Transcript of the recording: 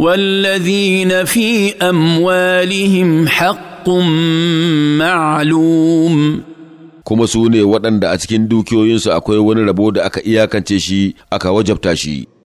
والذين في أموالهم حق معلوم kuma sune ne waɗanda a cikin dukiyoyinsu akwai wani rabo da aka iyakance shi aka wajabta shi